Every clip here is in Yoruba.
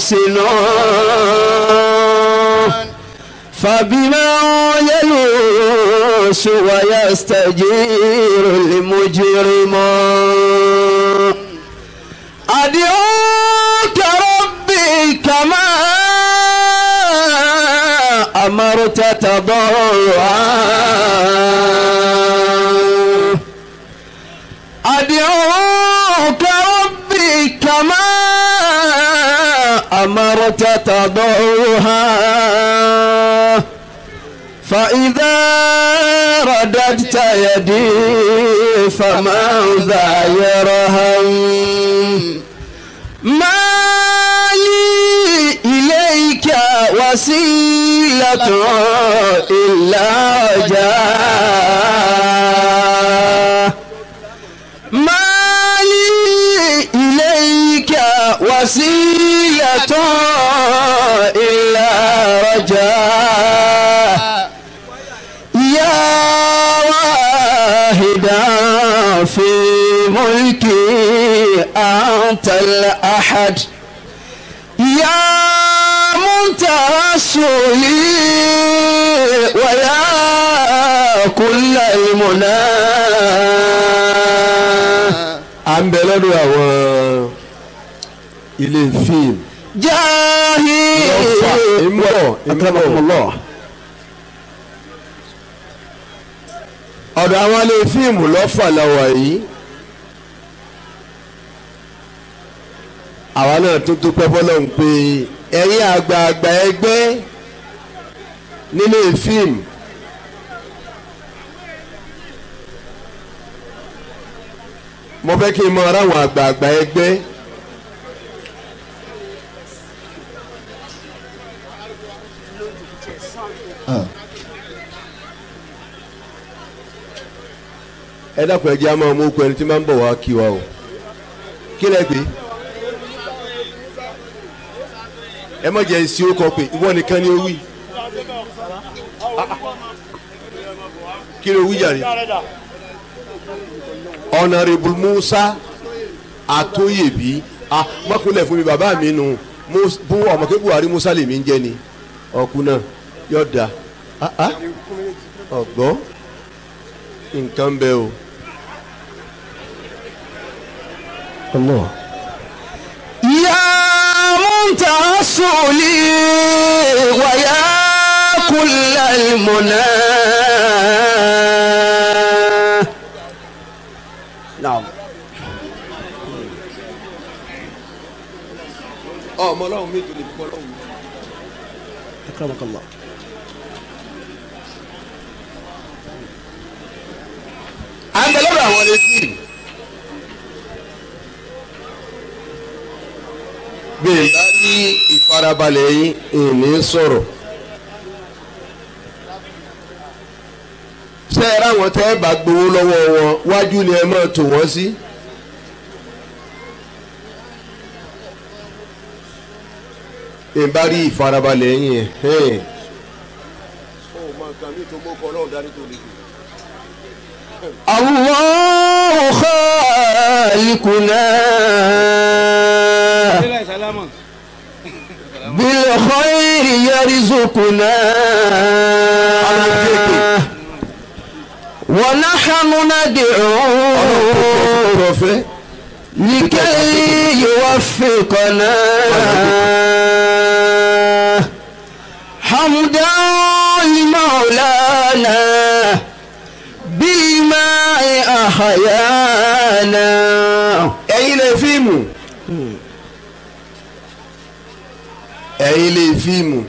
واصل فبما يلوس ويستجير المجرم أدعوك ربي كما أمرت تضرعا أمرت تضعها فإذا رددت يدي فماذا يرهم مالي إليك وسيلة إلا جاء lọ́dọ̀ àwọn ilé fíìmù. jáhì ìmọ̀ ìmọ̀ ọ̀dọ̀ àwọn ilé fíìmù lọ́fà làwà yìí. àwa náà tó dúpẹ́ bọ́lọ́hún pé ẹ̀yin àgbààgbà ẹgbẹ́ nílé fíìmù mo fẹ́ kí n mọ ara àwọn àgbààgbà ẹgbẹ́ ẹ dákun ẹ jẹ́ àmọ́ ọmọ okùn ẹni tí máa ń bọ̀ wá kí wa o kí lẹ pé ẹ má jẹ́ sí ó kọ pé ìwọ nìkan ni ó wí ah, ah. kí ló wí jàre honourable musa atoyebi ah mọ́kúnlẹ̀ fún mi bàbá mi nu bú ọmọ kí buhari musa lèmi ń jẹ́ ni ọkùnà yọ̀dà ah, ah. ọ̀gbọ́n nǹkan bẹ́ẹ̀ o. Allah. Ya muntasuli wa ya kullal munaa. náà. ọmọ ọlọ́run mi tó lè bọ́ ọlọ́run. akramakallah. à ń bẹ lọ́dọ̀ àwọn létí. bí n bá rí ìfarabalẹ̀ yín èmi sọ̀rọ̀. ṣé ẹ ráwọn tẹ́ ẹ bá gbowó lọ́wọ́ wọn wájú ni ẹ máa tò wọ́n sí. ìbá rí ìfarabalẹ̀ yín ẹ̀. Allahu khaliquna bil khayri yarzuquna wọ́n náà hànúná dè ọ́n. ọlọ́run likẹ́lí yóò fi kọ́nà hamdá limaulana bímá àhàyàna. ẹ̀yin lè fíìmù hmm. ẹ̀yin lè fíìmù.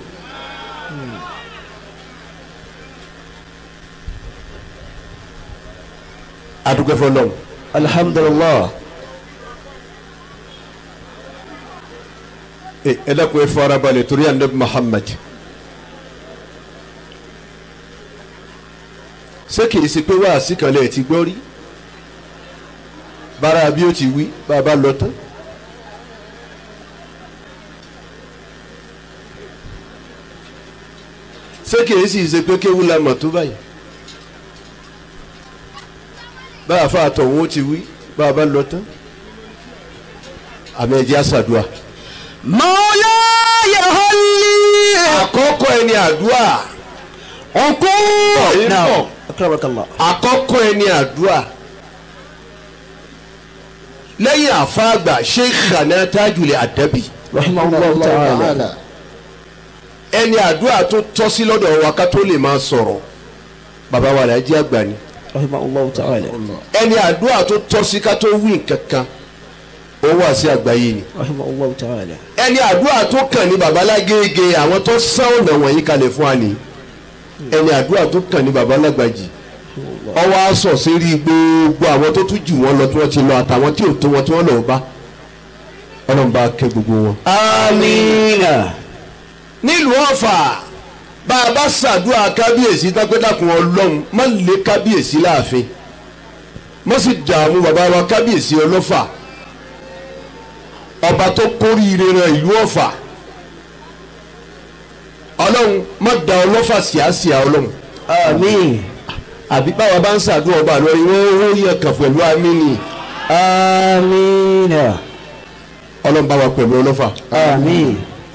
adúgbò fọlọ́n. alhamdulilah. ẹ dákun ẹ farabalẹ̀ torí anabi muhammad. ṣé kìí ṣe pé ti gbọ́ rí bára bí ó ti wí bàbá lọ tán. ṣé kìí sì ṣe pé kéwú la mọ̀ tó báyìí bá a fa àtọ̀hún ó ti wí bá a bá lọ tán àmì ẹ̀jẹ̀ àṣàdùà. mọ́lá yẹ̀họ́ lé. àkọ́kọ́ ẹni àdúrà. ọkọ náà akramakallah. àkọ́kọ́ ẹni àdúrà lẹ́yìn àfáàgbà Sheikhana Tajul Adabi. ẹni àdúrà tó tọ́ sí lọ́dọ̀ wa ká tó lè máa sọ̀rọ̀ bàbá wa làájí àgbà ni rahimahullah ta'ala. ẹni àdúrà tó tọ́ sí ká tó wí kankan ó wà sí àgbáyé ni. rahimahullah ta'ala. ẹni àdúrà tó kàn ní babalágége àwọn tó sá ọ̀nà wọ̀nyí kalẹ̀ fún wa ni ẹni àdúrà tó kàn ní babalágbàjì ọwọ́ aṣọ sírí gbogbo àwọn tó tún jù wọ́n lọ tí wọ́n ti lọ àtàwọn tí ò tó wọn tí wọ́n lọ́ọ́ bá ọlọ́run bá kẹ́ gbogbo wọn. amiina nílùú ọ̀fà bá a bá ṣàdúrà kábíyèsí tápẹ́dàkùn ọlọ́run má lè kábíyèsí láàfin má sì dààmú bàbá wa kábíyèsí ọlọ́fà ọba tó kórìíre rẹ ìlú ọ̀fà ọlọ́run má da ọlọ́fà síásíá ọlọ́run. àmín àbí báwa bá ń ṣàdúrà ọba lórí wọn ó yẹ kàn pẹ̀lú amíní. àmín. ọlọ́run bá wa pẹ̀lú ọlọ́fà. àmín.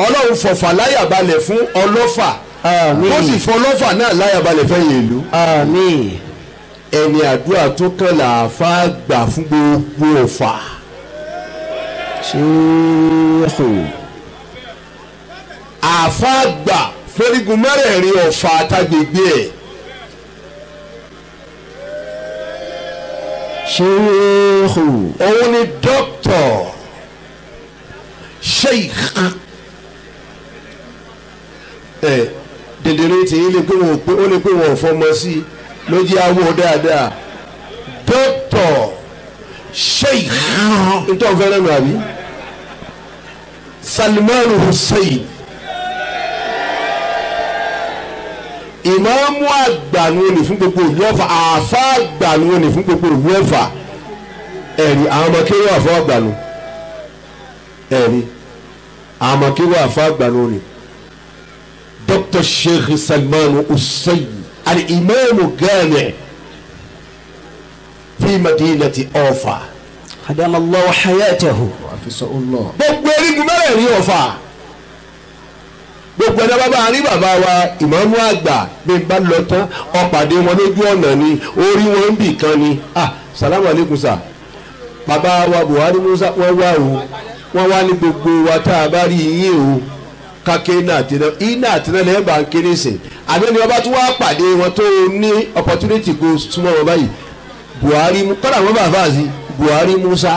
ọlọ́run fọ̀fà láyà balẹ̀ fún ọlọ́fà ó sì fọ lọ́fà náà láyàbalẹ̀ fẹ́yìn ìlú ẹni àdúrà tó kàn láàfà gbà fún gbogbo ọ̀fà. àfà gbà fẹ́rígun mẹ́rẹ̀ẹ̀rin ọ̀fà àtàgbègbè ẹ̀. ṣéèkù. òun ni dókítà sheikh. Eh dèdèrè tí yín ó lè pé wọn ò fọmọ sí i ló jẹ́ awó dáadáa dókítọ̀ sheikh nítorí wọn fẹ́ràn mi àbí Salman Hussein ìmáàmù àgbà ni wọn ní fún gbogbo ìlú Ọ̀fà àáfà ni wọn ní fún gbogbo ìlú Ọ̀fà ẹ̀rí àwọn ọmọ kéwàá fún àgbà ẹ̀rí àwọn ọmọ kéwàá fún àgbà ni. دكتور الشيخ سلمان السيد الإمام الجامع في مدينة أوفا حدم الله حياته وعفسه الله gbogbo erigun mẹ́rẹ̀ẹ̀rin Ọ̀fà gbogbo ẹ̀dá bàbá àrí bàbá wa ìmọ̀ọ́mú àgbà bí n bá lọ tán ọ̀pàdé wọn lójú ọ̀nà ni orí wọn ń bì kan ni ah salamu aleykum sa bàbá wa Buhari Musa wọ́n wá o wọ́n wá ní gbogbo wa tá a bá rí yín o kàkẹ́ iná àtẹnà iná àtẹnà lẹ́yìn bá ń kéré sìn àbẹ́ni ọba tó wá pàdé wọn tó ní opportunity kó súnmọ́ wọn báyìí Buhari kọ́dà wọn bá fàásì Buhari Musa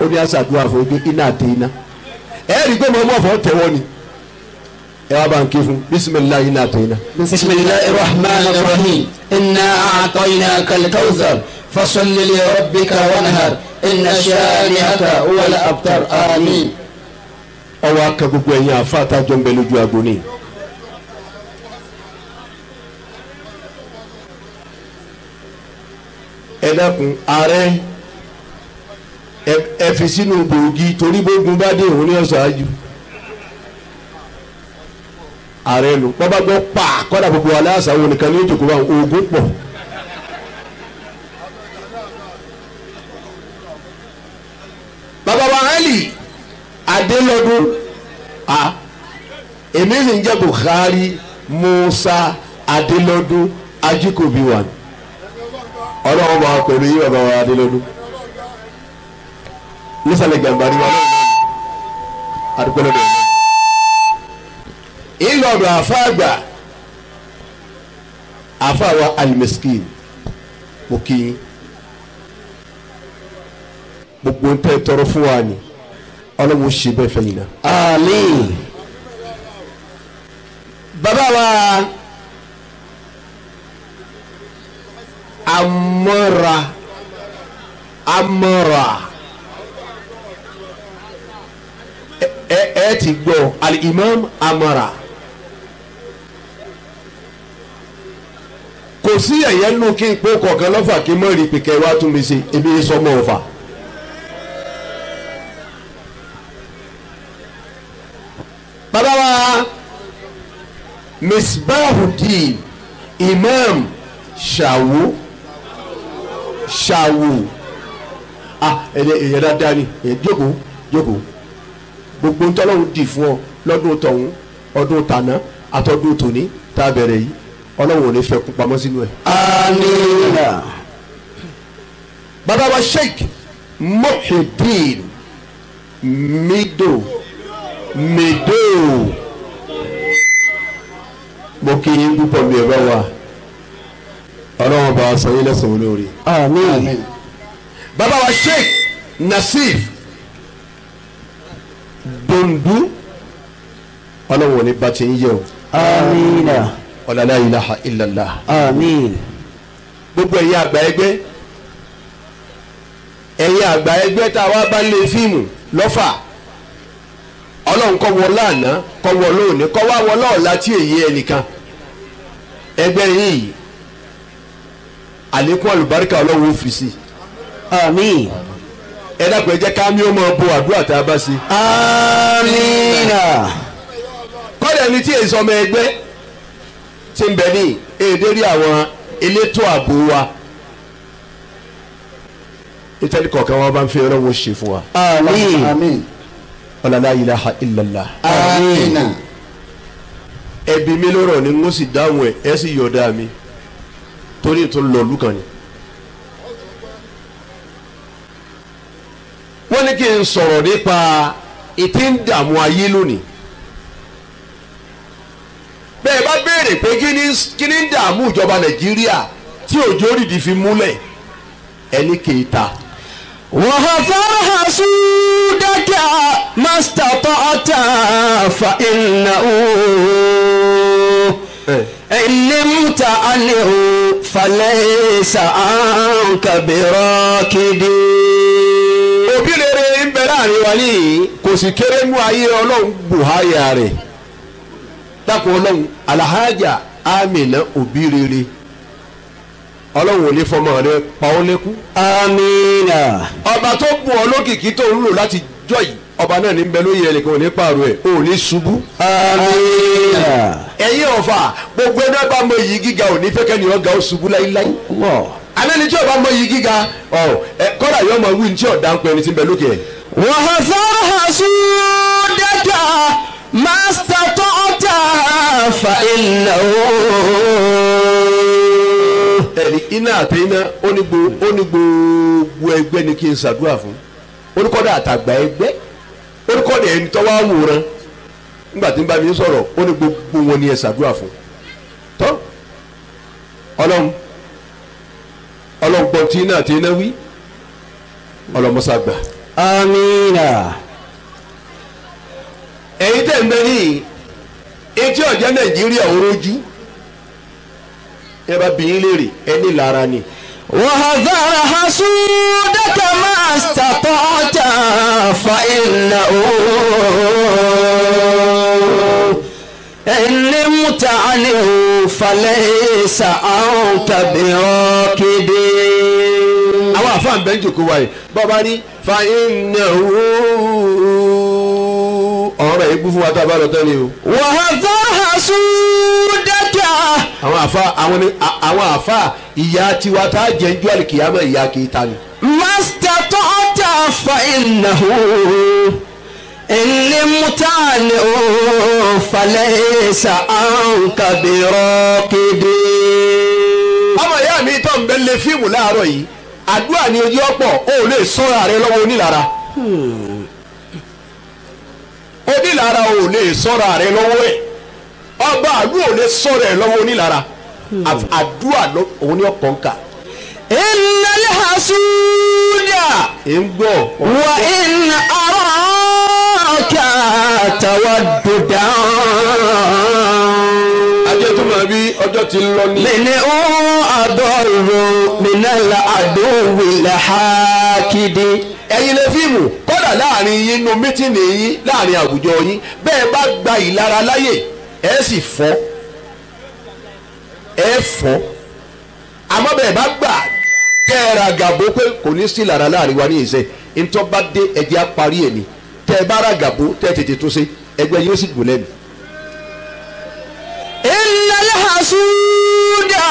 ó ní àṣàdúrà fún pé iná àtẹ iná ẹ rí i pé mọ̀ọ́mọ́ fọ́ ni ẹ wá bá ń ké fún bisimilayi iná àtẹ iná. bisimilayi rahman rahim inna a'tayna kalkawzar fasalli li rabbika wanhar inna shani'aka wal abtar amin ọwọ́ akẹ́ gbogbo ẹ̀yin àfa àtàjọ ń bẹ lójú agbo ni. ẹ dákun ààrẹ ẹ fi sínú gbòógì torí bógun bá dé òun ní ọ̀sán ájú ààrẹ lò bọ́ gbọ́ pa kọ́dà gbogbo aláṣà wo nìkan ní ìjòkó bá ògùn pọ̀. adélọ́dún a èmi sì ń jẹ́ Buhari Musa adélọ́dún ajíkòbí wa ọlọ́run bá wa pẹ̀lú yí bàbá wa adélọ́dún nísàlẹ̀ gàmbari wa àdúgbò lọ́dọ̀ ìlọ̀dọ̀ àfa àgbà àfa wa alimiskin mo kì í gbogbo ń tẹ́ tọrọ fún wa ni ọlọ́run ó ṣe bẹ́ẹ̀ fẹ́yìn náà. àmín bàbá wa amọ́ra amọ́ra ẹ ẹ ti gbọ́ alimam amọ́ra kò sí ẹ̀yẹ́ nù kí n pé kọ̀ọ̀kan lọ́fà kí n mọ̀ rí pé kẹ́ tún mi ṣe èmi sọmọ ọ̀fà. Baba, wa misbahudeen imam ṣàwó ṣàwó ah ẹ̀yẹ dáadáa ni ẹ̀yẹ jókòó jókòó gbogbo ntọ́lọ́run dì fún ọ lọ́dún tọ̀hún ọdún tàná àtọ́dún tòní tá a bẹ̀rẹ̀ yìí ọlọ́run ò ní fẹ́ kún pamọ́ sínú ẹ̀. àmín. bàbá sheik muhyiddin mido. Mido, mo kí yín púpọ̀ mi ẹ̀ bá wà ọlọ́run bá sọ yín lẹ́sìn olóore. àmín. bàbá wa sheikh nasif dondu ọlọ́run ò ní bá ti ń yẹ o. àmín. ọ̀làlá ilaha illallah. àmín. gbogbo ẹ̀yin àgbà ẹgbẹ́ ẹ̀yin àgbà ẹgbẹ́ tá a wá bá lé fíìmù lọ́fà ọlọ́run kọ́ wọ lánà kọ́ wọ lóòní kọ́ wá wọ lọ́ọ̀la tí èyí ẹnìkan ẹgbẹ́ yìí àlékún àlùbáríkà ọlọ́run ó fi sí. àmín. ẹ dákun ẹ jẹ́ ká mi ó máa bo àdúrà tá a bá sí. àmínà. kọ́dà ni tí èyí sọmọ ẹgbẹ́ ti ń bẹ ní èdè rí àwọn elétò ààbò wa nítorí kọ̀ọ̀kan wọn bá ń fi ọlọ́run ṣe fún wa. àmín ọlọlá ilaha illallah. amiina. ẹbí mi lọ́rọ̀ ni n ó sì dáhùn ẹ ẹ sì yọ̀dá mi torí tó lọ lùkàn ni. wọ́n ní kí n sọ̀rọ̀ nípa ìtí ń dààmú ayé lónìí. bẹ́ẹ̀ bá béèrè pé kí ni ń dààmú ìjọba nàìjíríà tí òjò rìdì fi múlẹ̀ ẹni kì ta. وهفرها سودك ما استطعت فإنه إن نمت عنه فليس عنك براكد òbí rere ń bẹ láàrin wa yìí kò sì kéré mú ayé ọlọ́run buhari rẹ̀ dákun ọlọ́run alahajà amina òbí rere. ọlọ́run ò ní fọmọ rẹ pa ó ọba tó ọ lókìkí tó ń láti jọ yìí ọba náà ní bẹ lóye ẹnìkan ò ní ẹ̀ ò ní ṣubú. amiina. gbogbo ẹ̀dá bá mọ iyì gíga ò ní ó ṣubú láíláí. tí ọba mọ iyì gíga yóò mọ wí tí ọ̀dà ń pẹ́ ẹni tí bẹ́ẹ̀ atina iná àti iná ó ní gbogbo ẹgbẹ́ ni kí n ṣàdúrà fún orúkọ dà àtàgbà ẹgbẹ́ orúkọ ẹni tọ́wọ́ àwòrán nígbà tí n mi sọ̀rọ̀ ó ní gbogbo wọn ni ẹ ṣàdúrà fún tọ́ ọlọ́run ọlọ́run iná àti iná wí amina. tẹ̀ ń bẹ ní etí ọ̀jẹ̀ nàìjíríà orójú. ẹ bá bí yín léèrè ẹ ní lára ni. wàhálà hasu dẹ́tà máa ṣàtọ́ ọjà fa iná ooo ẹni múta ni ò falẹ̀ ṣà àwọn tàbí ọ̀kẹ́dẹ́. àwọn àfáà ń bẹ́ńjì kó wáyé bàbá ní fa iná ooo ọ̀rọ̀ yìí fún wa tá a bá lọ tẹ́lẹ̀ o. wàhálà hasu dẹ́kà. àwọn àfa àwọn ni àwọn àfa ìyá tiwa tá a jẹ njọ́ àlìkìyàmọ̀ ìyá kìí ta ni. master tó ọjà fa ìnáwó ẹni mútàlẹ́ ò falẹ̀ ṣá àǹkàbẹ̀rọ̀ kéde. ọmọ ìyá mi tó ń bẹ lé fíìmù láàárọ̀ yìí àdúrà ni ojú ọ̀pọ̀ ó lè sọ́ra rẹ lọ́wọ́ onílára. Hmm onílára ò lè sọ́ra rẹ lọ́wọ́ ẹ̀ ọba àlú ò lè sọ́ra ẹ lọ́wọ́ onílára hmm. àdúrà òun ni ọ̀pọ̀ ń kà. iná lè ha súnjà. ẹ ń gbọ́. wà iná ara ọ̀kà àtàwọn dòdà. bí ọjọ́ ti lọ ní. mẹ́ni ó àdọ́rùn-ún mẹ́nà àdóhùn làhákìdí. ẹ̀yin lè fíìmù láàrin yín nínú mítìnì yín láàrin àwùjọ yín bẹ́ẹ̀ bá gba ìlara láyè ẹ sì fọ́ ẹ fọ́ àmọ́ bẹ́ẹ̀ bá gbà kẹ́ ẹ ra gàbó pé kò ní sí ìlara láàrin wa ní ìṣe ntọ́ bá dé ẹ̀jẹ̀ á parí èmi tẹ́ ẹ bá ra gàbó tẹ́ ẹ tètè tó ṣe ẹgbẹ́ yóò sì gùn lẹ́nu. ìlàlẹ́ àṣùdà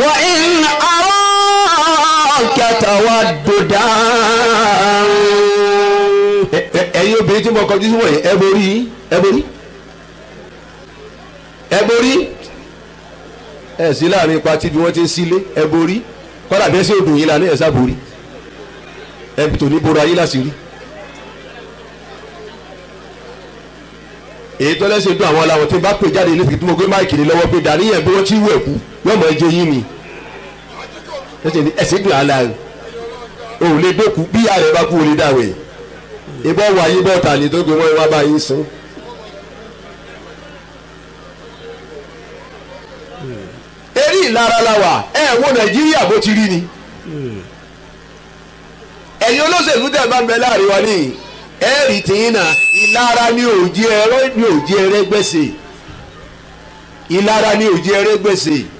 wà ń arọ́ kẹta wà dòdà ẹ̀yin obìnrin tí mo kọjú sí wọ̀nyí ẹ borí ẹ borí ẹ borí ẹ sí láàrin ipa tí bí wọ́n ti ń sílé ẹ borí kọ́dà bẹ́ẹ̀ sí odò yìí lánàá ẹ sá borí ẹ tòní bora yìí láṣìírí. èyí tó lẹ́sìn dún àwọn aláwọ̀ tí bá pè jáde ní fìdí tí mo gbé máìkì ní lọ́wọ́ pé dàníyàn bí wọ́n ti wù ẹ̀kú yóò mọ̀ ẹjọ́ yín ni ẹsẹ̀ dùn àlà òun lè dẹ́kun bí ààrẹ bá kú olè dáwẹ̀ yìí ìbọn wà yí bọ́ọ̀tà ní tó gbé wọ́n wá báyìí sùn. eré ìlara la wà ẹ wo nàìjíríà bó ti rí ni ẹ̀yin olóṣèlú tẹ̀ bá ń bẹ láàrin wa nìyí ẹ̀rì tìyín náà ìlara ni òjì ẹ̀rẹ́ ni òjì ẹ̀rẹ́ gbèsè ìlara ni òjì ẹ̀rẹ́ gbèsè.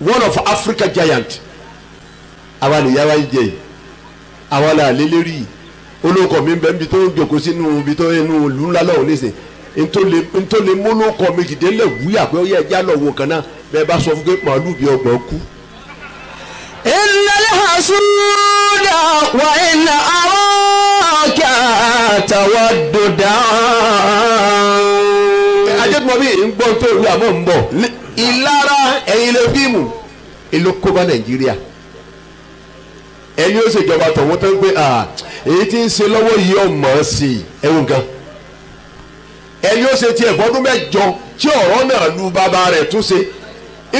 one of Africa giant àwa lè yára jẹ àwa là lélẹ́rì olóko mi bẹ́ẹ̀ nbí tó ń jòkó sínú ibi tó inú ìlú ńlá lọ́wọ́ nísìn ntòlè mólókọ mi dìde lẹ̀ wúyà pé ó yẹ ẹja lọ wò kan náà bẹ́ẹ̀ bá sọ fún pé màálù bí ọgbọ̀n kú. ìlànà àsúndà wà iná àwọn kí àtàwọn dòdà. ajẹ́gbọ́n mi ń gbọ́ tó ìwé àmọ́ ń bọ̀ ìlara ẹ̀yin lè fíìmù èló kó bá nàìjíríà ẹni ó ṣèjọba tọ̀wọ́n tó ń pè à èyí tí ń ṣe lọ́wọ́ yìí ọmọ sí i ẹ̀wọ̀n gan ẹni ó ṣe tiẹ̀ fọdún mẹ́jọ tí ọ̀rọ̀ náà lu bàbá rẹ̀ tún ṣe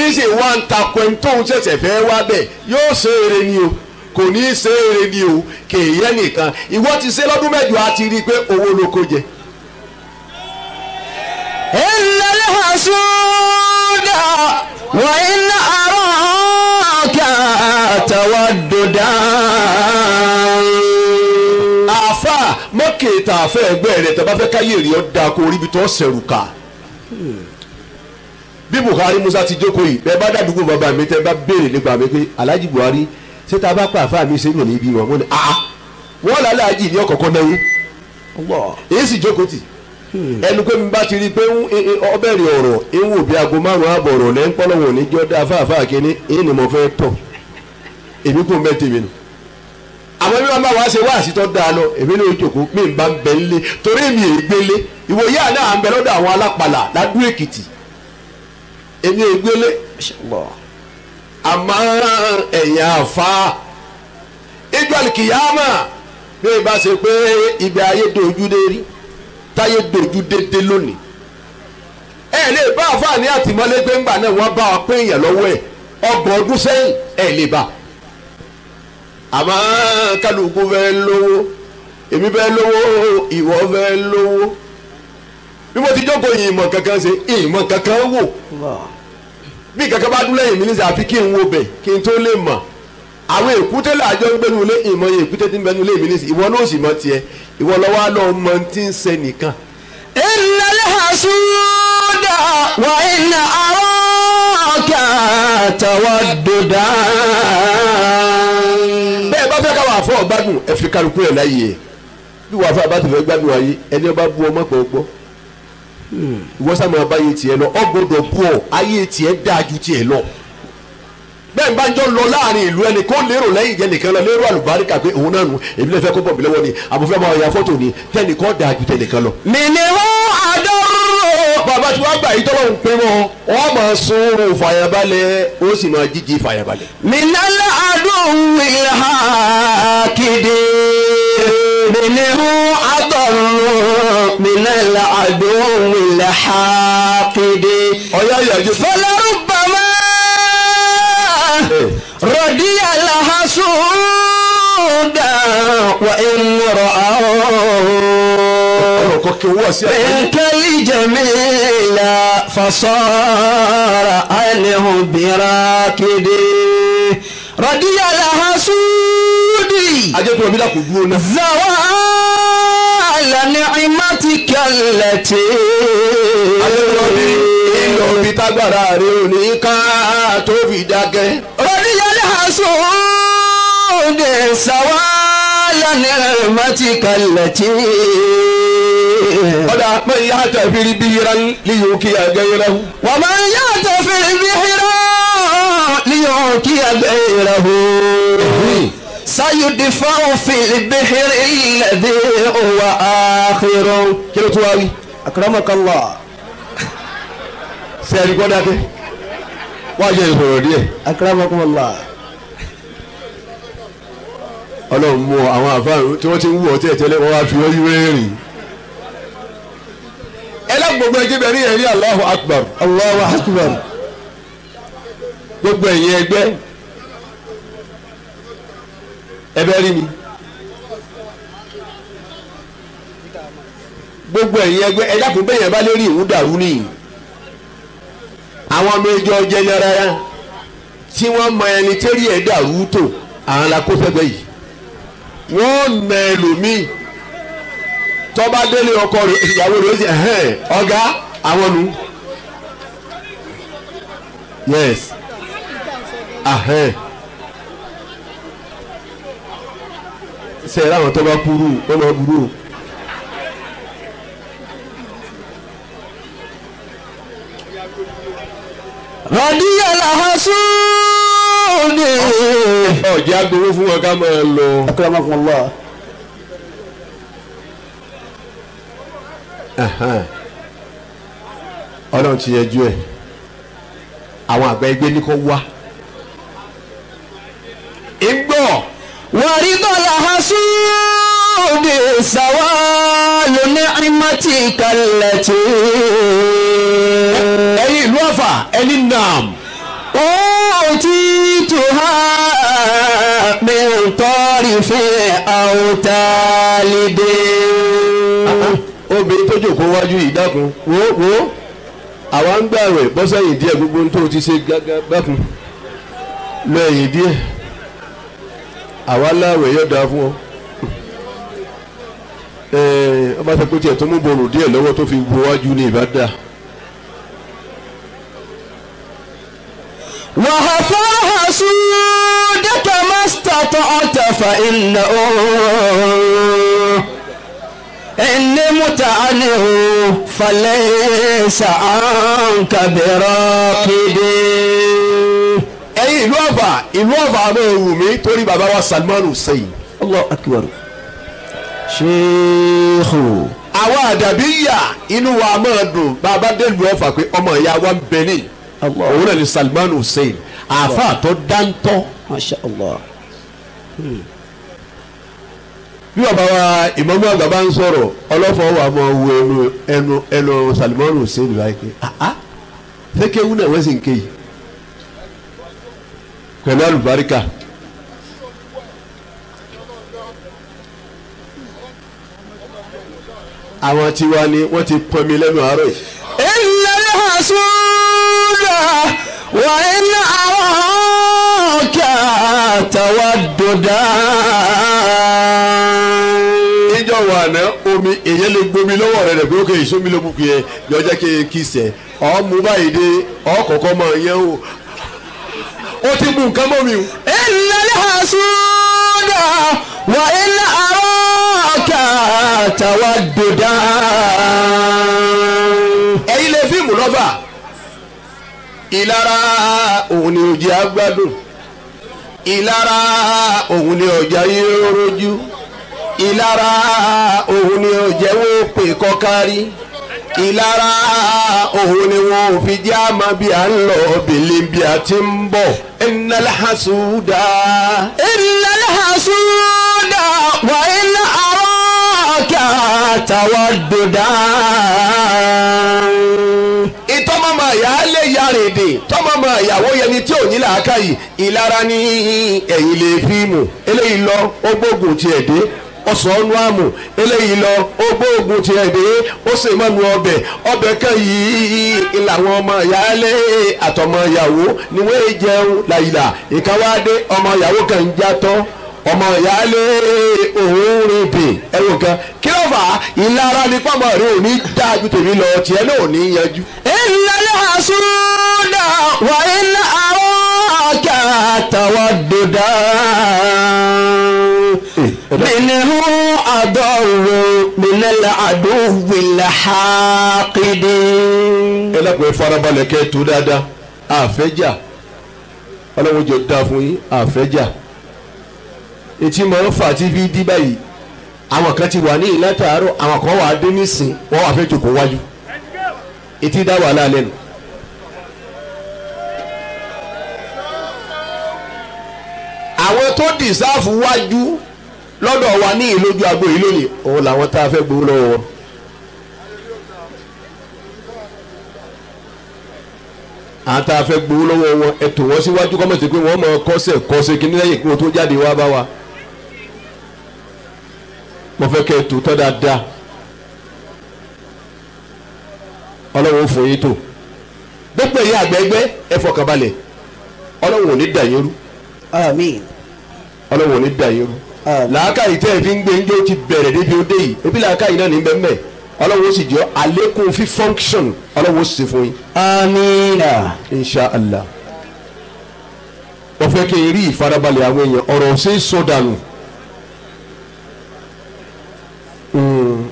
ìṣe wa ń takò ẹni tóun ṣẹ̀ṣẹ̀ fẹ́ wá bẹ̀ yóò ṣe eré ni o kò ní í ṣe eré ni o kì í yẹ nìkan ìwọ ti ṣe lọ́dún mẹ́jọ a ti rí i pé owó ló kó jẹ. ẹ ń lọ lẹ́hàá sún. وإن أراك توددا àfa mọ́kèéta àfẹ́ ẹgbẹ́ rẹ̀ tó bá fẹ́ káyé rí ọ́ dáa kó orí ibi tó ṣẹ̀rù ká bí Buhari Musa ti jókòó yìí bẹ́ẹ̀ bá dàdúgbò bàbá mi tẹ́ bá béèrè nípa mi pé Alhaji Buhari ṣé tá bá pa àfa mi ṣe ìròyìn ibi wọn wọn ni àá wọn làálàájì ní ọkọ̀ọ̀kan náà yín èyí sì jókòó tì ẹnu pé mi bá ti rí pé ọbẹ̀ rí ọ̀rọ̀ ìwò márùn-ún ọ̀rọ̀ lẹ́yìn dá fáfá kínní èyí ni mo tọ̀ èmi kò mẹ́ tèmi lọ èmi mi ń bá ń bẹ nílé torí è gbélé ń bẹ lọ́dọ̀ àwọn alápàlà ládùú èkìtì èmi è gbélé àmọ́ àfa ibi ayé dojú dé táyé dojú dédé lónìí ẹ lè bá àfààní àtìmọ́lé gbẹ́ngbà náà wọ́n bá wa pé èèyàn lọ́wọ́ ẹ̀ ọgbọ̀n ọdún sẹ́yìn ẹ lè bá àmọ́ kálukú fẹ́ lówó èmi fẹ́ lówó ìwọ fẹ́ lówó bí mo ti jókòó ìmọ̀ kankan ṣe ìmọ̀ kankan wò bí kankan bá dúró lẹ́yìn mi ní sàfi kí wo bẹ̀ kí n tó lè mọ̀ àwọn èkúté làjọ ń gbẹnu ilé ìmọye èkúté tí ń bẹnu ilé mi nísìnyí ìwọ ló sì mọ tiẹ̀ ìwọ lọ́wọ́ àlọ́ mọ tí ń ṣe nìkan. ìlàlẹ́ àsúndà wà iná àwọn ọ̀kẹ́ dòdà. bẹ́ẹ̀ bá fẹ́ káwọn àfọ ọ̀gbádùn ẹ fi kálukú ẹ̀ láyè bí wàá fẹ́ abá fẹ́ gbádùn ayé ẹni ọba bú ọmọ pọ̀ gbọ́ hmm. ìwọ sáà máa bá ayé lọ ọgbọ́dọ̀ bú ọ ayé tiẹ̀ dáa ju tiẹ̀ lọ bẹ́ẹ̀ bá jọ lọ láàrin ìlú ẹni kó lérò lẹ́yìn jẹ́ nìkan lọ lérò àlùbáríkà pé òun náà nù èmi lè fẹ́ kó bọ̀ mí lọ́wọ́ ni àbúfẹ́ máa ya fọ́tò ni tẹ́nìkan dáa ju tẹ́nìkan lọ. mi ni bàbá tí wọ́n gbà yìí tọ́lọ́ ń pè wọ́n wọ́n máa sunrun fàyàbalẹ̀ ó sì máa jíjí fàyàbalẹ̀. mi nálẹ̀ adùn ìhà kìdí mi ni wọ́n ọ̀yá ìyàjú. fọlá رضي الله سودا وإن رأوا بنت الجميلة فصار عنه براكدي رضي الله سودي زوال نعمتك التي ìlò ibi tágbára rẹ ò ní ká tó fi dákẹ́. المقصود سوال نعمتك التي ولا من يعتفر بهرا ليوكي غيره ومن يعتفر بهرا ليوكي غيره سيدفع في البحر الذي هو آخر كيلو تواوي أكرمك الله سيدي قولك wájú ìfòròdí ẹ̀. akramakumullah ọlọ́run mú àwọn àfáà tí wọ́n ti ń wú ọtí ẹ̀tẹ́lẹ̀ wọ́n wá fi ọ́ yúwé rìn. ẹlẹ́gbọ̀gbọ̀ ẹgbẹ́ bẹ̀rẹ̀ yẹn rí Allahu Akbar Allahu Akbar gbogbo ẹ̀yìn ẹgbẹ́ ẹbẹ́ rí mi. gbogbo ẹ̀yìn ẹgbẹ́ ẹ̀dàkùn bẹ́yẹn bá lè rí ìwú dàrú nìyí. àwọn ọmọ ìjọ jẹnẹrẹ tí wọ́n mọ ẹni tẹ́rí ẹ̀ dàrú tó àwọn la kó yìí wọ́n nà ẹlòmíì tọ́ba délé ọkọ rẹ̀ ìyàwó rẹ̀ ó sì ẹ̀hẹ́n ọ̀gá àwọn nu yes ahẹ́n ṣe é láwọn tọ́ba kúrú ó lọ burú o. rọ̀díyàlá hasun ni. ọ̀jẹ̀ agbowó fún wọn ká máa lọ. akramakumullah. ọlọ́run ti yẹjú ẹ̀ àwọn àgbà ẹgbẹ́ ní kò wá. ìgbọ́. wàrí dọ́là ha sóòdì sàwá lóní àrímàtì kalẹ̀ tí. ẹ̀yin ìlú Ọ̀fà ẹni nàám. ó ti. رأيتها من طرف أو تالد. obìnrin tó jókòó wájú yìí dákun wo wo àwa ń gbà rẹ̀ bọ́sẹ̀yìn díẹ̀ gbogbo ohun tó ti ṣe gbákun lẹ́yìn díẹ̀ àwa láwẹ̀ yóò dáa fún ọ ọba sọ pé tiẹ̀ tó mú borò díẹ̀ lọ́wọ́ tó fi wo wájú ní ìbá dáa. وهفاها سودك ما استطعت فإنه إن متعنه فليس عنك براقدي ẹ̀yin ìlú Ọ̀fà ìlú Ọ̀fà àmọ́ ewu mi torí bàbá wa Salmanu sẹ́yìn. Allah akbar. ṣeéhù. àwa àdàbí yà inú wa máa dùn bàbá délùú Ọ̀fà pé ọmọ ìyá wa ń bẹ níyì òun náà ni Salman Hussein àfa àtọ́ dáńtọ́. Masha Hmm bí ọba wa ìmọ̀mú àgbà bá ń sọ̀rọ̀ ọlọ́fọ̀ wà mọ̀ wo ẹnu ẹnu ẹnu Salimanu Hussein báyìí ah fẹ́kẹ́ wúnà wẹ́sì ń kéyì pẹ̀lú àlùbáríkà. àwọn tiwa ni wọ́n ti pọnmi lẹ́nu àárọ̀ yìí. àbùdá. níjọ́ wà ná omi èyẹ lè gbomi lọ́wọ́ rẹ̀ rẹ̀ pé ó kè é sómi ló mú kú yẹ yọ jẹ́ kí kí sẹ̀ ọ́ mú báyìí dé ọ́ kọ̀ọ̀kan mọ̀ yẹn o ó ti mú nǹkan mọ́ mi o. ìlàlẹ́ àsúndà wà ilà àrọ́ọ̀kà tàwa dòdà. ẹ̀yin lè fíìmù lọ́fà ìlara òun ni òjì agbádùn ìlara òun ni ọjà yóò rojú ìlara òun ni ọjà wo pè kọkárí ìlara òun ni wọn ò fi jẹ́ àmọ́ bí a ń lọ bèlè bí a ti ń bọ̀ innal hasuda. innal hasuda wa inna araka tawadduda tọ́mọ ìyáálé ya rèdè tọ́mọ ìyàwó yẹni tí ò ní làákà yìí ìlara ní ẹ̀yìn lè fíìmù eléyìí lọ ó gbógun tiẹ̀ dé ọ̀sánú àmù eléyìí lọ ó gbóògùn tiẹ̀ dé ó sì mọ́nu ọbẹ̀ ọbẹ̀ kan yìí làwọn ọmọ ìyáálé àtọmọ ìyàwó ni wọ́n jẹun làyìlà ìkáwá dé ọmọ ìyàwó kan ń jatọ́ ọmọ ìyáálé òun rìn bè ẹrù kan kí ló fà á ìlara ni pọ́nmọ́ rẹ ò ní dáa ju tèmi lọ tiẹ̀ náà ò ní yanjú. ìlànà àsúndà wà ilà àwọn àkàtàwà dòdà minhu eh, adọ́rò minala àdúgbìlà hákìdì. ẹ lọ́kùnrin farabalẹ̀ kẹ́ tó dáadáa àfẹ́jà ọlọ́run jẹ́ dáa fún yín àfẹ́jà etí mọ̀ ń fà tí fi dí báyìí àwọn kan ti wà ní ìlàtàárọ̀ àwọn kan wà á dé nísìn wọ́n wà fẹ́ jòkó wájú etí dá wàhálà lẹ́nu. àwọn tó dìsáàfù wájú lọ́dọ̀ wa ní ìlójú agbo yìí lónìí òun làwọn tá a fẹ́ gbowó lọ́wọ́ wọn. àtà afẹ́ gbowó lọ́wọ́ wọn ẹ̀tọ́ wọn síwájú kọ́mọ̀tì pé wọ́n mọ̀ ọ́ kọ́sẹ̀ kọ́sẹ̀ kí nílẹ̀ yìí kó tó jáde wá bá wa mo fẹ́ kẹ́ ẹ tó tọ́ dáadáa ọlọ́run ò fòye tó gbogbo ẹ̀yà àgbẹ̀gbẹ́ ẹ fọkànbalẹ̀ ọlọ́run ò ní dà yín rú àmín ọlọ́run ò ní dà yín rú làákàyè tẹ́ ẹ fi ń gbé ń ó ti bẹ̀rẹ̀ débi ó dé yìí ebi làákàyè náà ní bẹ́ẹ̀ mẹ́ẹ̀ ọlọ́run ó sì jọ àlékún fi function ọlọ́run ó sì fún yín. amiina. Allah. wọ́n fẹ́ kí n rí ìfarabalẹ̀ àwọn èèyàn ọ̀rọ̀ ṣe é sọ̀dànù. Hmm.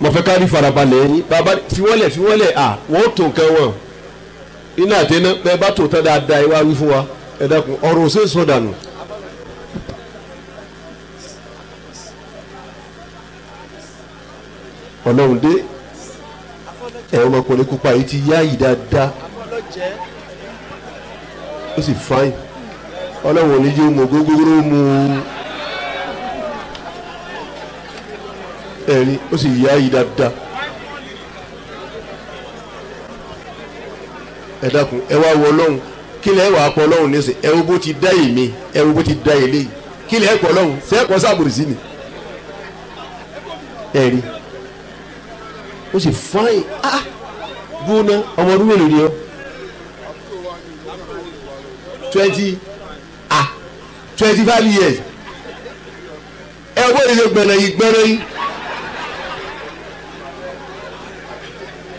mo fẹ́ kárí farabalẹ̀ yín bàbá fiwọ́lẹ̀ fiwọ́lẹ̀ à wọ́n tó nǹkan wọn iná àtẹná bẹ́ẹ̀ bá tó tán dáadáa ẹ wá wí fún wa ẹ dákun ọ̀rọ̀ òsè sọ̀dànù. ọlọ́run dé ẹ̀rọ ọmọkùnrin kópa yìí ti yá yìí dáadáa ó sì fáyìn ọlọ́run ò ní jẹ́ òmò gógóró mu o. ẹ̀rín ó sì yá yìí dáadáa ẹ dákun ẹ wá wọ ọlọ́run kí lẹ́ wàá pọ̀ ọlọ́run nísìn ẹ wo bó ti dá èmi ẹ wo bó ti dá èlé yìí kí lẹ́ pọ̀ ọlọ́run sẹ́ pọ̀ sábùrì sí ni ẹ̀rín ó sì fáìn ah gbóná ọmọ ọdún mélòó ni ọ twenty ah twenty five years ẹ wọ́n lè ṣe gbẹ̀nà yìí gbẹ̀nà yìí.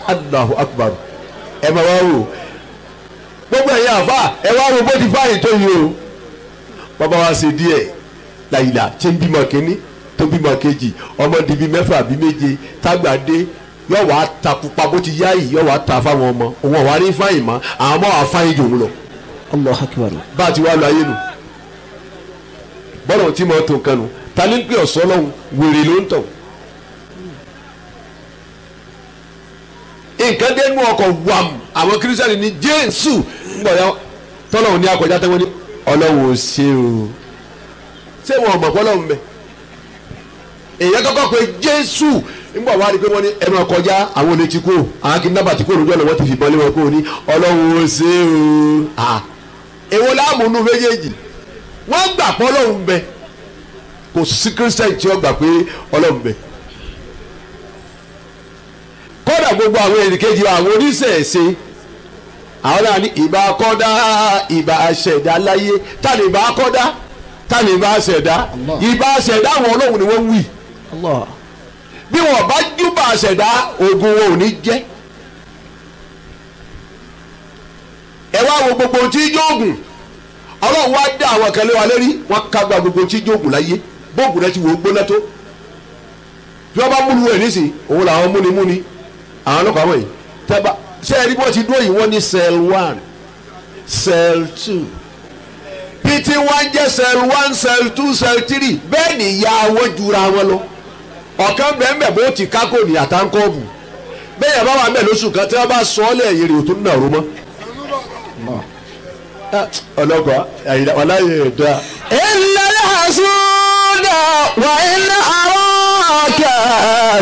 Allahu Akbar ẹ máa wá wò gbogbo ẹ̀yin àfa ẹ wá wò bó ti fáyìn tó yìí o bàbá wa ṣe díẹ̀ làyìlà ṣe ń bímọ kínní tó bímọ kejì ọmọ dìbí mẹ́fà bí méje tágbà dé yọ wàá ta pupa bó ti yá yìí yọ wàá ta fáwọn ọmọ òun ọ̀wá rí fáyìn mọ́ àwọn ọmọ wa fáyìn jòun lọ. Allahu Akbar. bá a ti wá lọ ayé nu bọ́lọ̀ tí mo tó nǹkan nu ta ní pé ọ̀sán lọ́hùn wèrè ló ń tọ̀hún nǹkan dé ọkọ ọkọ̀ wàm àwọn kírísítẹ́nì ní jésù tọ́lọ́hún ní akọjá tẹ́wọ́n ní ọlọ́run ṣe o ṣé wọn ò mọ̀ fọlọ́run bẹ̀ èyí kọ́kọ́ pé jésù ńgbà wá rí pé wọ́n ní ẹnu ọkọjá àwọn olè ti kú àwọn wọn o ní ṣe o èwo láàmúnú méjèèjì gbà gbogbo àwọn èrìkejì àwọn oníṣẹ̀ṣe àwọn náà ní ìbá kọ́dá ìbá ṣẹ̀dá láyé ta ni ìbá kọ́dá ta ni ìbá ṣẹ̀dá ìbá ṣẹ̀dá àwọn ọlọ́run ni wọ́n wí bí wọn bá júbà ṣẹ̀dá ogun wọn ò ní jẹ́ ẹ wá wo gbogbo tí jóògùn ọlọ́run wá dá àwọn kan wa lérí wọn ká gba gbogbo tí jóògùn láyé bóògùn rẹ ti wò ó gbóná tó bí wọn bá múlu ẹ nísìnyí òun làwọn múnimúni àwọn ọlọ́pàá wọ̀nyí tẹ́bà ṣé ẹni bó ti dúró yìí wọ́n ní cell one cell two pt one jẹ́ cell one cell two cell three bẹ́ẹ̀ ni ìyá wọn jura wọn lọ ọ̀kan bẹ́ẹ̀ bó ti kákò ní àtàkọ́ọ̀bù bẹ́ẹ̀ bá wà bẹ́ẹ̀ lóṣù kan tí wọ́n bá sọ ọ́ lẹ̀ yèrè òtún náà rú mọ́ ọlọ́pàá àyìnlá wàláyé ẹ̀dá. ìlànà àṣùdà wà ń àrọ́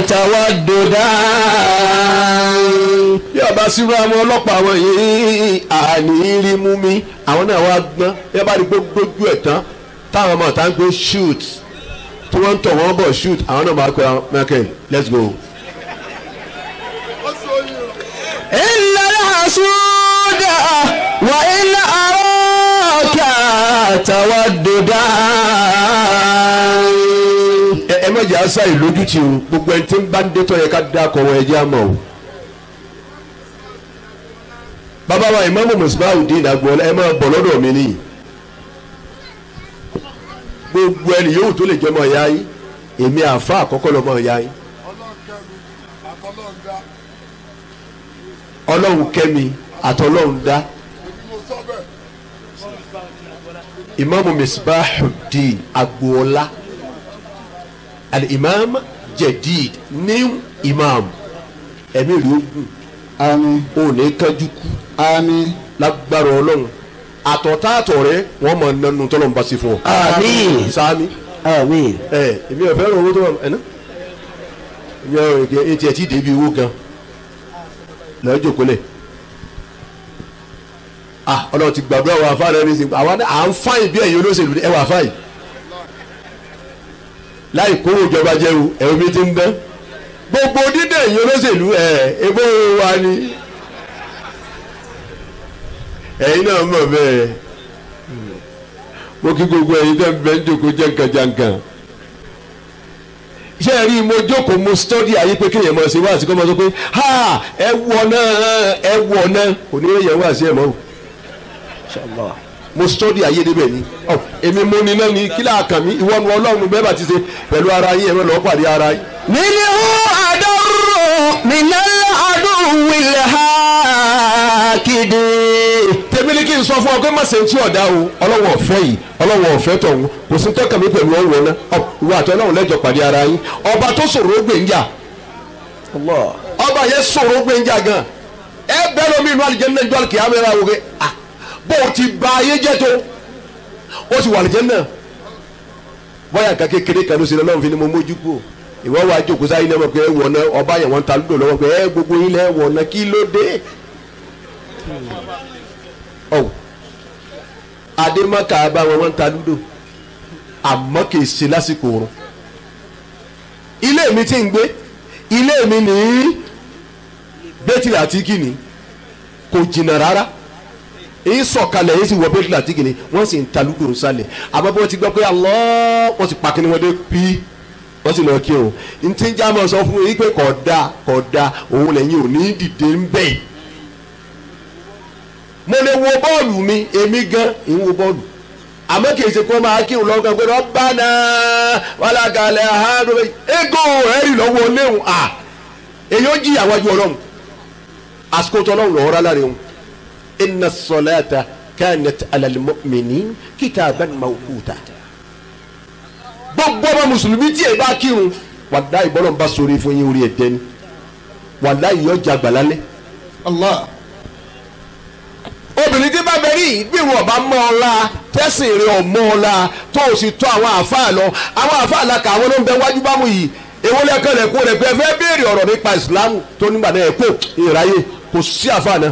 tawadoda. bí ọba sírú àwọn ọlọ́pàá àwọn yìí àníírí mú mi àwọn náà wá gbọ́n bí ọba rí gbójú ẹ̀ tán táwọn ọmọ ọ̀tá ń gbé shoot tí wọ́n ń tọ̀ wọ́n bọ̀ shoot àwọn náà máa kọ́ ẹ let's go. ilẹ̀ àṣùdà wà ilẹ̀ àrọ́ọ̀kà má jẹ́ àṣà ìlójútì o gbogbo ẹni tí ń bá ń dé tọ́ yẹ ká dá akọ wọn ẹjẹ́ o. bàbá wa Agboola ẹ máa bọ̀ lọ́dọ̀ mi gbogbo ẹni yòówù tó lè jọmọ ìyá yín èmi àfa àkọ́kọ́ lọ́mọ ìyá yín. ọlọ́run kẹ́mi dá. Agboola. al-imam jadid new imam ẹ̀mí rẹ̀ ogun àmín òní kájú kú àmín lágbára ọlọ́run àtọ̀tá àtọ̀ rẹ wọ́n mọ̀ nánú tọ́lọ̀ ń bá sí fún ọ. àmín sami. àmín. ẹ èmi ò fẹ́ràn owó tó wà ẹ̀ná èmi ò rẹ̀ kí etí ẹ̀ tí débi owó gan lọ́ọ́ jòkólẹ̀ ah ọlọ́run ti gbàdúrà wà fáà rẹ̀ ní sìn àwa náà à ń fáyìn bí ẹ̀yin olóṣèlú ẹ̀ wà fáyìn láì kówó ìjọba jẹ́ o ẹ̀rọ mi ti ń dán gbogbo dídẹ̀ yìí olóṣèlú ẹ̀ ebó wa ni ẹ̀yin náà mọ̀ bẹ́ẹ̀ mo kí gbogbo ẹ̀yin tẹ́ bẹ́ẹ̀ ń jókòó jẹ́ǹkanjàǹkan ṣé ẹ rí mo jókòó mo study ayé pé kéèyàn máa ṣe wá àti kọ́ máa sọ pé ha ẹ wọ̀ náà ẹ wọ̀ náà kò ní yẹ wá sí ẹ̀ mọ́ o mo sọ́ọ́dì ayé débẹ̀ ni oh, èmi mo ní náà ni kí láà kàn mí ìwọ nu ọlọ́run bẹ́ẹ̀ bá ti ṣe pẹ̀lú ara yín ẹ̀rọ lọ́ọ́ pàdé ara yín. nínú àdúrò nínú àdúrò ilẹ̀ ha kéde. tèmi ni kí n sọ fún ọ pé má ṣe ń tí ọ̀dà o ọlọ́wọ́ ọ̀fẹ́ yìí ọlọ́wọ́ ọ̀fẹ́ tọ̀hún kò sí tọ́ka mi pẹ̀lú ọ̀rọ̀ náà oh, ìwà àti ọlọ́run lẹ́jọ́ pàdé bó o ti ba ayé jẹ́ tó o sì wà lẹ́jẹ̀ náà bóyá nǹkan kékeré kan ló ṣe lọ́wọ́ fi ni mo mójú kú o ìwọ wa jókòó sáyé náà mọ̀ pé wọ̀ náà ọba yẹn wọ́n ta lúdò lọ́wọ́ pé ẹ gbogbo yín lẹ́ wọ̀ náà kí ló dé ọ̀hún adémọ́kà bá wọn wọ́n ta lúdò àmọ́ kì í ṣe lásìkò oorun ilé mi ti ń gbé ilé mi ní bẹ́tìlì àti kìnì kò jìnnà rárá. èyí sọ̀kalẹ̀ èyí sì wọ bẹ́ẹ̀ láti kìíní wọ́n sì ń ta nsàlẹ̀ àmọ́ bí wọ́n ti gbọ́ pé alọ́ wọ́n ti pàkínní wọn dé pí wọ́n sì lọ kí o ntí ń jámọ̀ sọ fún yín pé òun lẹ́yìn dìde ń bẹ̀. mo lè wo bọ́ọ̀lù mi èmi gan ń wo bọ́ọ̀lù àmọ́ kì í ṣe kó máa kí náà إن الصلاة كانت على المؤمنين كتابا موقوتا. kitaban mawquta gbogbo ọmọ mùsùlùmí tí ẹ bá kírun wàláhì ìbọn náà bá sori fún yín orí ẹ dẹni wàláhì ìyọ jà gbàlálẹ. obìnrin tí bá bẹ̀rẹ̀ yìí bí wọn bá mọ ọ la tẹ́sìn rẹ ọ̀ mọ ọ la tó o sì tọ́ àwọn àáfàá lọ àwọn àáfàá la kà ló ń bẹ wájú bámu yìí èwo lẹ́kọ̀ọ́ lẹ́kọ̀ọ́ rẹ̀ pé ẹ fẹ́ béèrè ọ̀rọ̀ nípa ìsìlámù tó nígbà náà ẹ̀ kó ìráyè kò sí àáfàá náà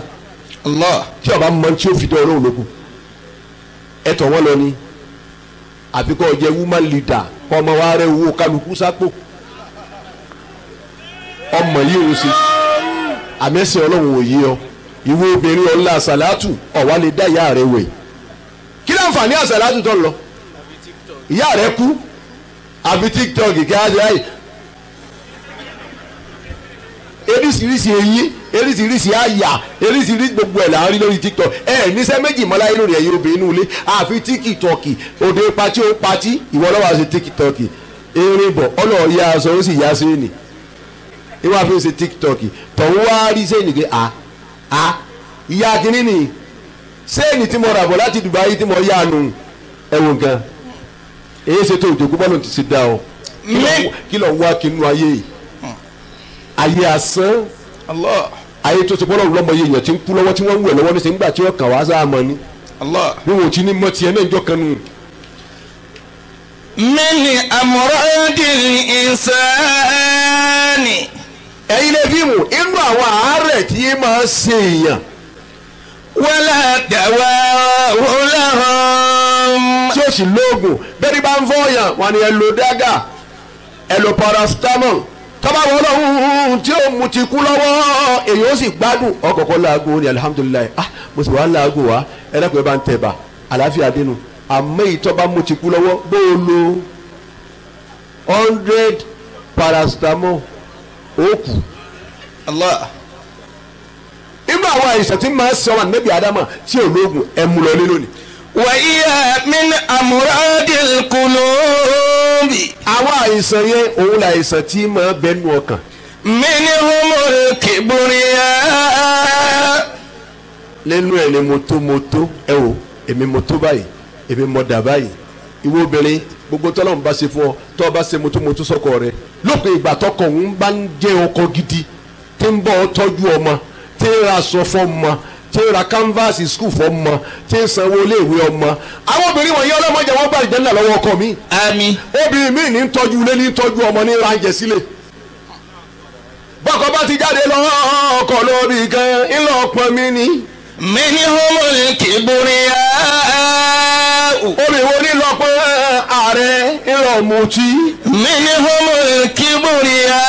tí ọba mọ tí ó fi dán ọlọ́run lókun ẹ tọ̀ wọ́n lọ ni àfi kọ́ jẹ́ woman leader kọ́ ọmọ wa rẹ̀ wo kálukú sápò ọmọ yìí ò sí àmẹ́sẹ̀ ọlọ́run ò yí ọ ìwé obìnrin ọ̀la àsàlátù ọ̀wá lè dá ìyá rẹ̀ wẹ̀ kí ló ń fà ní àsàlátù tó ń lọ ìyá rẹ̀ kú àbí tiktok kí á jẹ́ àyè eríṣiríṣi eyín eríṣiríṣi àyà eríṣiríṣi gbogbo ẹ̀ là ń rí lórí tiktok ẹ níṣẹ́ méjì mọ́ láyé lórí ẹ̀yin obìnrin inú ilé àfi tíkítọ́ọ̀kì òde patí ó patí ìwọ lọ́wọ́ àṣẹ tíkítọ́ọ̀kì eré bọ̀ ọlọ́ọ̀ yá aṣọ ó sì yá sẹ́ni ìwọ àfi ṣe tíkítọ́ọ̀kì tọ̀hún wá rí sẹ́ni pé a a ìyá kínní ni sẹ́ni tí mo rà bọ̀ láti Dubai tí mo yá nu ẹ̀wọ̀n gan èyí ṣètò ìdògún bọ́ọ̀lù ti ṣe dá ọ kí lọ wá kínú ayé hmm. ayé asán. Allah ayé tó ti pọ́ lọ́wọ́ lọ́mọ yẹn ti ń kú lọ́wọ́ tí wọ́n ń wẹ̀ lọ́wọ́ nígbà tí wọ́n kàn wá sáà mọ́ ni. bí wọn ò ti ní mọ tiẹ̀ náà ń jọ kan nù. mẹ́ni àmọ́rọ́dìrì ìsẹ́ẹ̀nì. ẹ̀yin lè fíìmù inú àwọn àárẹ̀ tí yé máa ń ṣe èèyàn. wọ́lá dàwa wọ́lá hàn. tí ó sì lóògùn bẹ́ẹ̀ ni bá ń fọ́ yàn wà ní ẹ lo dága ẹ lo paracetamol tọ́ba wọ lọ́hún tí ó mu ti kú lọ́wọ́ èyí ó sì gbádùn ọkọ̀ọ̀kọ̀ laago ni alihamudulilayi ah mo sì wá laago wa ẹlẹ́kùnrin bá ń tẹ̀ bá àlàáfíà dénú àmọ́ èyí tọ́ba mu ti kú lọ́wọ́ bó lo hundred paracetamol ó kù. inú àwọn àìsàn tí màá sọ wà níbi àdámà tí ò lóògùn ẹ̀ mú lọ lé lónìí wàyí min amuradil kunubi. àwọn àìsàn yẹn òun là àìsàn tí máa bẹnu ọkàn. minihumul kiburiya. nínú ẹ̀ ni moto moto ẹ o èmi moto báyìí èmi mọ̀dà báyìí ìwé obìnrin gbogbo tọ́lọ́mù bá ṣe fún ọ tọ́ ọ bá ṣe moto moto sọ́kọ rẹ lópin ìgbà tọkọ òun bá ń jẹ́ ọkọ gidi tí ń bọ̀ ọ́ tọ́jú ọmọ tí ń ra aṣọ fọ́ ọmọ tí ń ra canvas school fọ́mọ tí ń sanwó iléèwé ọmọ àwọn obìnrin wọ̀nyí ọlọ́mọdé wọn gba ìjẹ́nà lọ́wọ́ ọkọ mi. àmín. obìnrin mi ní tọ́jú ilé ní tọ́jú ọmọ ní ránjẹ sílẹ̀. bọ́kọ bá ti jáde lọ ọkọ lórí gan ńlọ mi ni. mi ní homo ní kìbúrí yá. obìnrin wo ní lọ́pọ̀ ààrẹ ńlọ mutí. mi ní homo ní kìbúrí yá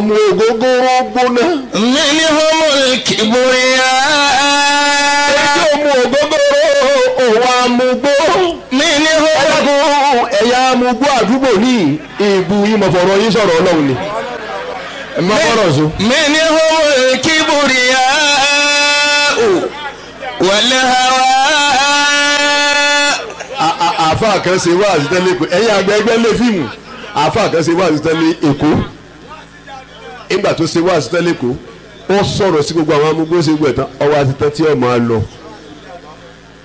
mu ògógóró gbóná. mímí homo kìbúrìyà. èyí ò mu ògógóró òun àmugbó. mímí homo. ẹlẹ́kùn ẹ̀yà àmugbó àdúgbò ní ìbú ìmọ̀fọ̀rọ̀ yín sọ̀rọ̀ ọlọ́run ni. ẹ má fọ́rọ̀ so. mímí homo kìbúrìyà wọlé hawa. àfa kan ṣe wáàzì tẹ́lẹ̀ èkó ẹ̀yin àgbẹ̀gbẹ́ lé fíìmù àfa kan ṣe wáàzì tẹ́lẹ̀ èkó nígbà tó ṣe wá àṣetán lẹ́kọ̀ọ́ ó sọ̀rọ̀ sí gbogbo àwọn amúgbó ṣe gbogbo ẹ̀tàn ọwọ́ àṣetán tí ọ̀ máa lọ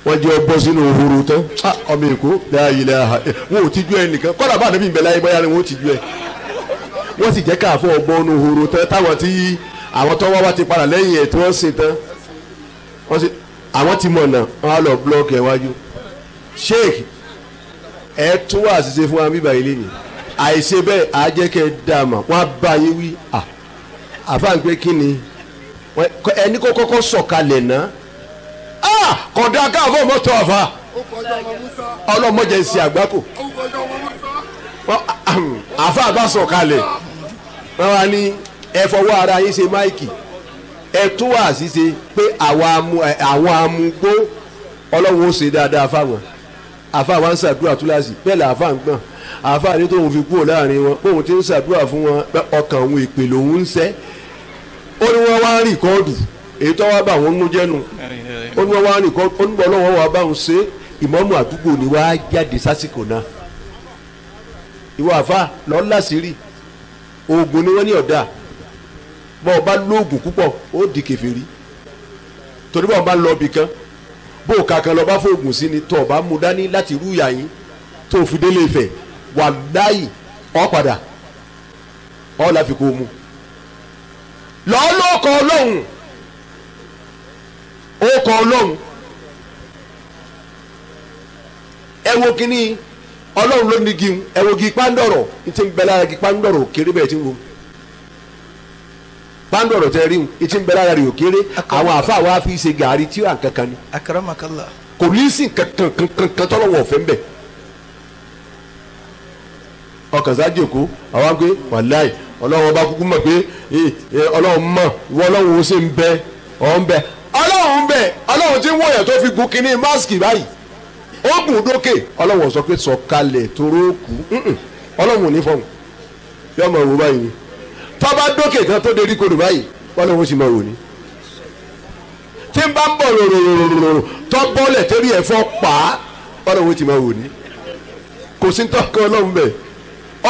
wọ́n jẹ́ bọ́ sínú òhuru tán ah, ọmọ èkó láàyè láàhà wọn ò tijú ẹ nìkan kọ́lá bá àdébí ìbẹ̀lẹ̀ ayé báyà ni wọ́n ò tijú ẹ wọ́n sì jẹ́ káàfọ́ ọgbọ́n nu òhuru tán táwọn tí àwọn tó wá wá ti padà lẹ́yìn ẹ̀ tí wọ́n ṣe tán wọ́n sì àwọn ti mọ̀ nà wọ́n á lọ búlọ́ọ̀kì ẹ̀ wájú sheik ẹ̀ tún wá àṣìṣe fún wa bíbá ilé yìí àìṣe bẹ́ẹ̀ á jẹ́ kẹ́ ẹ dá a mọ̀ wọ́n á bá yín wí àfáàn pé kí ni ẹni kó kọ́kọ́ sọ̀kalẹ̀ náà kọ̀dá káfọ́ mọ́tò àfà ọlọ́mọdé ń ṣe àgbákò àfà bá sọ̀kalẹ̀ wọ́n wá ní ẹ fọwọ́ ara yín ṣe máìkì ẹ tó wà ṣíṣe pé àwọn amúgbó ọlọ́wọ́ ó ṣe dáadáa fáwọn àfà wa ń ṣàdúrà túláàsì bẹ́ẹ̀ làáfà ń gbọ̀n àáfàá ní tóun fi kúrò láàrin wọn bóun ti ń ṣàdúrà fún wọn ọkàn òun ìpè lòun ń sẹ́ ó ní wọ́n wá rìkọ́ọ̀dù èyí tó wá bá wọn nú jẹ́nu ó ní wọ́n wá rìkọ́ọ̀dù ó ní bọ́ lọ́wọ́ wá bá wọn ṣe ìmáàmù àdúgbò ni wàá jáde sásìkò náà ìwọ àáfàá lọ́ọ́ láṣìírí oògùn ni wọ́n ní ọ̀dà bọ́ ọ lóògùn púpọ̀ ó di kèfèrí torí bọ́ bá lọ bìkan bó o kà kan lọ bá fóògùn sí ni tó o bá mú dání láti rú ìyá yín tó o délé Ifẹ̀ wàláyì ọ̀ padà ọ̀ la fi kó o mu lọ́ọ́ lọ́ọ̀kọ́ ọlọ́run ó kọ ọlọ́run ẹ wo kínní ọlọ́run ló ní gíun ẹ wo gí pandọ̀rọ̀ ìtì ń bẹ lára gí pandọ̀rọ̀ kéré bẹ́ẹ̀ ti ń wo pandọ̀rọ̀ tẹ rí ìtì ń bẹ lára rẹ̀ òkéré àwọn àfáà wa fi ṣe gàárì tí ó hàn kankan ni kò ní í sìn kankan kankan tọ́lọ́wọ́ ọ̀fẹ́ ń bẹ̀. ọkàn sáájú èkó àwọn pé wàláì ọlọ́run ọba kúkú mọ̀ pé ọlọ́run mọ̀ ìwọ ọlọ́run ó sì ń bẹ ọ̀ ń bẹ ọlọ́run bẹ ọlọ́run ti ń wọ̀nyàn tó fi gun kínní máàsì báyìí ó gùn dókè ọlọ́run sọ pé sọ̀kalẹ̀ toró kù ọlọ́run ò ní fọ̀hún òwò báyìí ni tọ́ba dókè kan tó dérí kodò báyìí ọlọ́run ó sì máa wò ni tí n bá ń bọ̀ rororororo tọ́ bọ́lẹ̀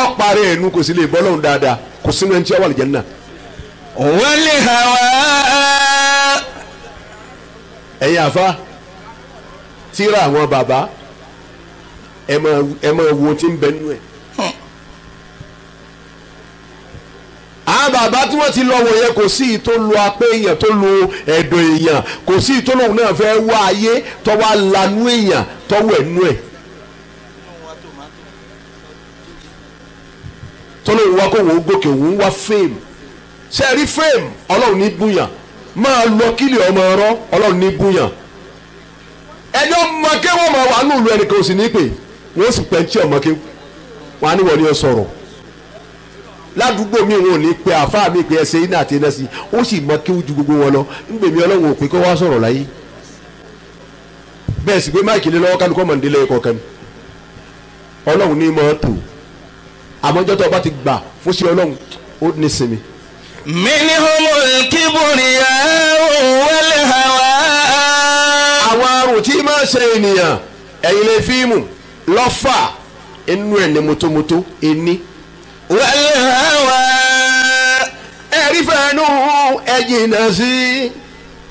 ọ̀parí ẹ̀nu kò sí lè bọ́ lọ́hùn dáadáa kò sínú ẹni tí wọ́n wà lìjẹ́ náà. wọ́n lè hà wá. ẹ̀yin àfa tíra àwọn bàbá ẹ máa wo tí ń bẹ nínú ẹ̀. Hmm. àwọn bàbá tí wọ́n ti lọ wọ̀ yẹn kò sí i tó lo apé èèyàn tó lo ẹ̀dọ̀ èèyàn kò sí i tó lóun náà fẹ́ wá ayé tó lanú èèyàn tó wẹ̀ nú ẹ̀. tó lóun wá kóun ó gòkè òun wá fame ṣe rí fame ọlọ́run ní búyàn máa lọ kílì ọmọ ọ̀rọ̀ ọlọ́run ní búyàn ẹni ọmọ kéwọ́ ọmọ wa nù lu ẹnìkan òsì ní pè wọ́n sì pẹ́ńtì ọmọ á ní wọlé ọ ládùúgbò mi wọn ò ní pe àáfàá mi pe iná àti gbogbo wọn lọ mi ọlọ́run ò pé kó wá sọ̀rọ̀ láyé bẹ́ẹ̀ sì pé máìkì lé lọ́wọ́ kálukọ́ mọ̀ ọlọ́run ní àmọ́jọ́ tó o bá ti gbà fún sí ọlọ́run ó ní sinmi. minihumul kibriya wal hawa. àwọn àrùn tí máa ṣe ènìyàn ẹ̀yìn lè fíìmù lọ́fà inú ẹ̀ ní mọ́tòmọ́tò ẹni. wal hawa. ẹ̀rí fẹ́ẹ́nu ẹ̀yìn náà sí.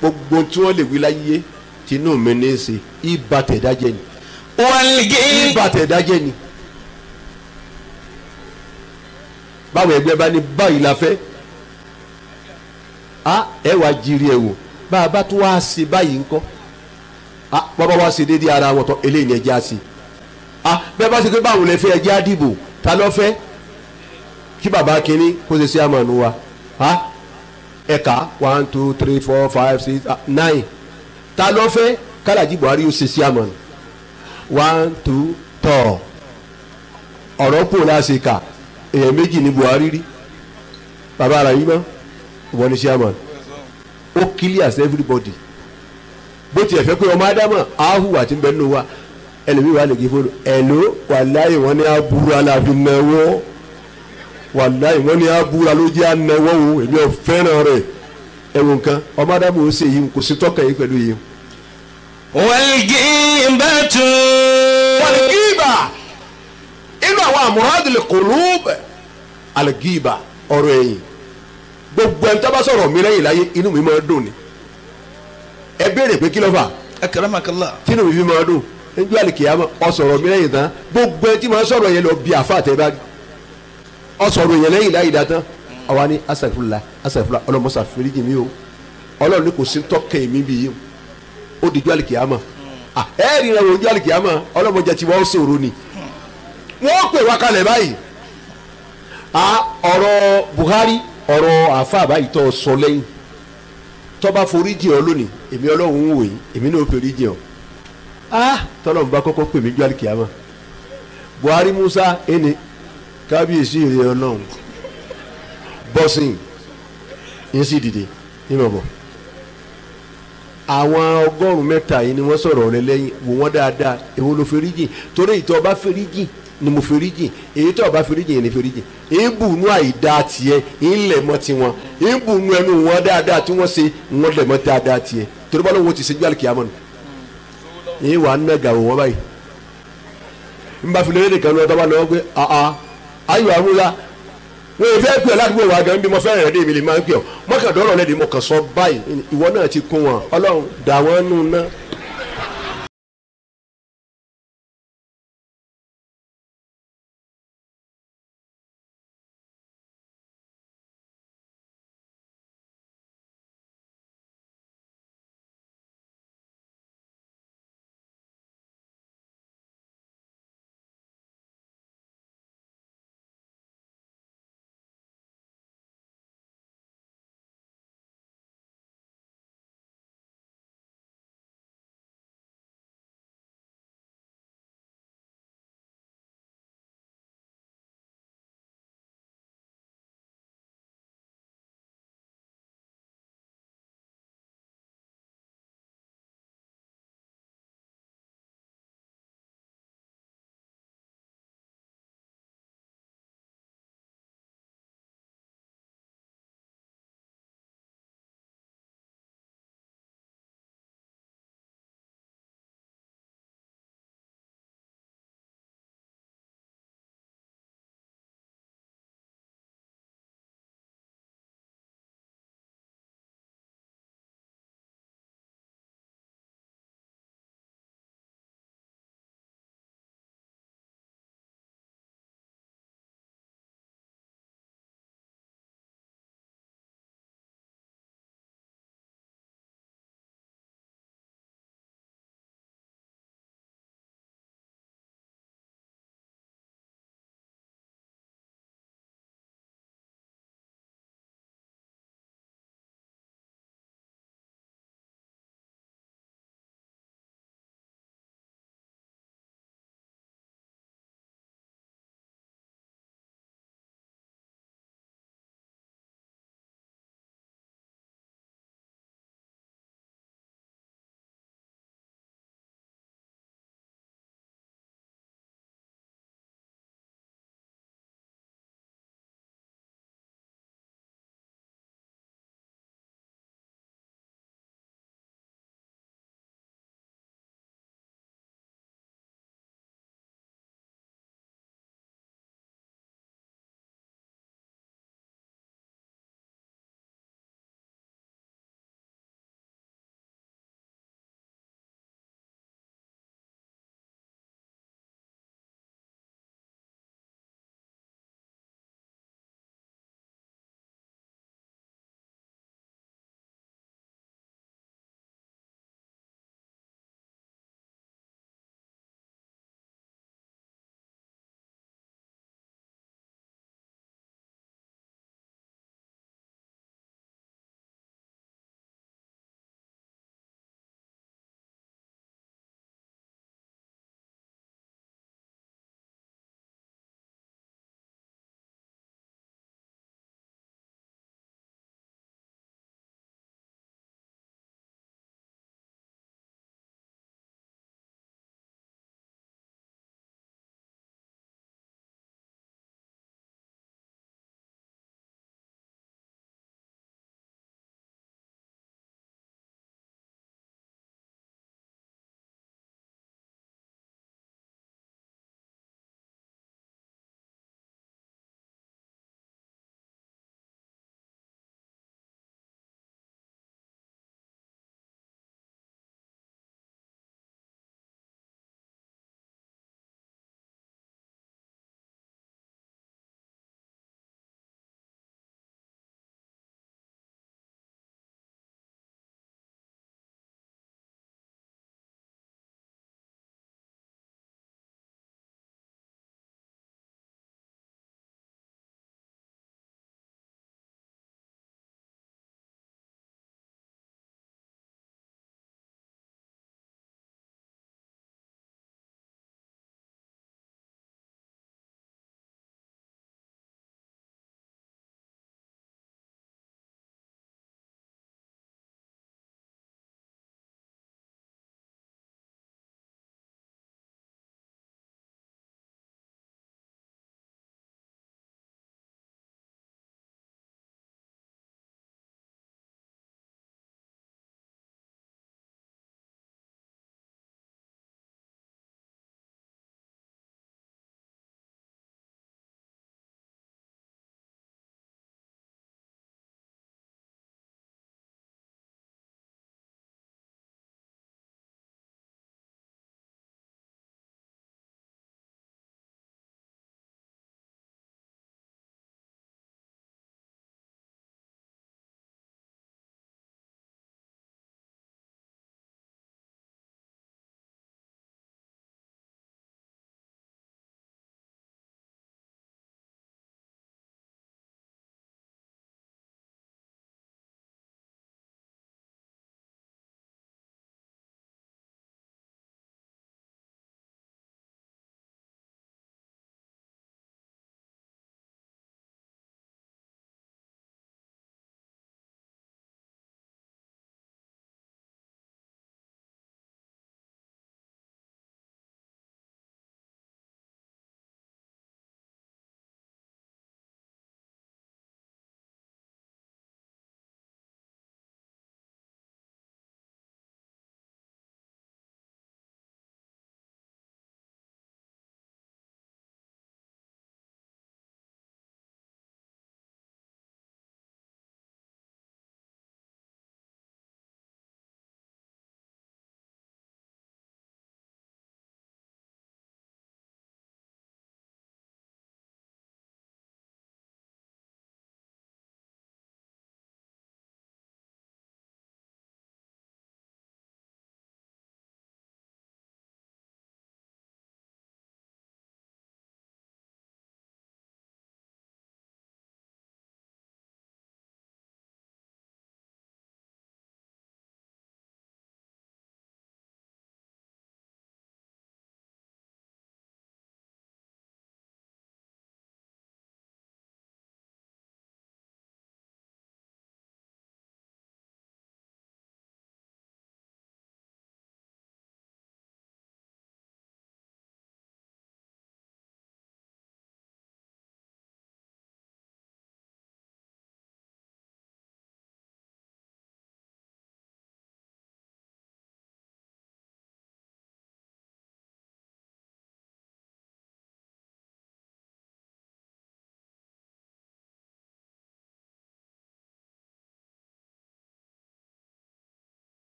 gbogbo tí wọ́n lè wí láyé tinú mi ní í ṣe ibà tẹ̀dá jẹ ni. wal gé. ibà tẹ̀dá ni. báwọn ẹgbẹ́ bá ní báyìí la fẹ́ a ẹ wá jírí ẹ wò bá a bá tún wá ṣe báyìí ńkọ́ a bàbá wá ṣe déédéé ara wọn tán eléyìí ni ẹjẹ́ á ṣe a bẹ́ẹ̀ bá ṣe pé báwo lẹ fẹ́ ẹjẹ́ á dìbò ta ló fẹ́ kí bàbá kínní kó ṣe sí àmọ̀nù wa a ẹ̀ka one two three four five six nine ta ló fẹ́ kálájí Buhari ó ṣe sí àmọ̀nù one two tọ̀ ọ̀rọ̀ kù láṣẹ kà èèyàn méjì ní Buhari rí bàbá ara yín mọ́ ìwọ ni chairman ó clear to everybody bó tiẹ̀ fẹ́ pé ọmọ ádámọ̀ áhùwà ti ń bẹ nínú wa ẹlòmíì wà lè gé fóònù ẹ̀ló wàláyé wọn ni aburú aláàfin náwó wàláyé wọn ni aburú alójẹ́ anáwó o èmi ò fẹ́ràn rẹ̀ ẹ̀wọ̀n kan ọmọ ádámọ̀ ó ṣe yìí kò sí tọ́ka yìí pẹ̀lú yìí. wàlgìbà tún. wàlgìbà àwọn àmúradìlẹ̀ kòlóòbẹ̀ àlẹ́gìbà ọ̀rọ̀ ẹ̀yìn gbogbo ẹni tó bá sọ̀rọ̀ mi lẹ́yìn láyé inú mi máa dùn ni ẹ béèrè pé kí ló fà. akaramakallah. kí ni mi fi máa dùn níjú àlìkìyàmọ ọsọrọ mi lẹ́yìn tán gbogbo ẹni tí màá sọ̀rọ̀ yẹn lọ bí àfa àtẹbá ọsọrọ yẹn lẹ́yìn láyìí dá tán àwa ni asàfúlà asàfúlà ọlọmọsà fèrèjì mi o Ọlọ́run ni kò sí tọkẹ mi bí yìí o di ju àlìkìyàmọ hmm. ẹ ẹ rí rẹ wo ju àlìkìyàmọ ọlọmọjà tí wọn sọ̀rọ̀ ni wọ́n pè wá kalẹ̀ báyìí a ọ̀rọ̀ Buhari ọ̀rọ̀ àáfàá báyìí tó sọ lẹ́yìn tó bá forí jìn ọ́ lónìí èmi ọlọ́run ń wò èmi náà forí jìn ọ́ a tọ́lọ̀ ń bá kọ́kọ́ pè mí jọ́lì kìámà Buhari Musa ẹni kábíyèsí ìrìn ọlọ́run bọ́sìn yín sì dìde yín bọ̀ bọ̀ àwọn ọgọ́rùn-ún mẹ́ta yìí ni wọ́n sọ̀rọ̀ rẹ lẹ́yìn wò wọ́n dáadáa èwo ló forí jìn torí ìtọ́ forí jìn ni mo foríjìn èyí tó bá foríjìn yẹn ni foríjìn ìbù nú àìdá tiẹ̀ ìlẹ̀ mọ́ tiwọn ìbù nú ẹnu wọn dáadáa tí wọ́n ṣe wọ́n lẹ̀ mọ́ dáadáa tiẹ̀ torí bá lóun ti ṣe gbàlùkì àmọ́ nù yìí wà á mẹ́ga wò wọ́n báyìí n bá filẹ̀ nìkan lọ́wọ́ tọ́ba lọ́wọ́ pé àà ayọ̀ àmúlá wọ́n yìí fẹ́ pè ọ́ ládùúgbò wa gan bí mo fẹ́ rẹ̀ dé mi lè máa ń pè ọ́ mọ́kàndínlọ́rọ̀ lẹ́ẹ̀dì mo kàn sọ báyìí ìwọ náà ti kún wọn ọlọ́run dà wọ́n nù náà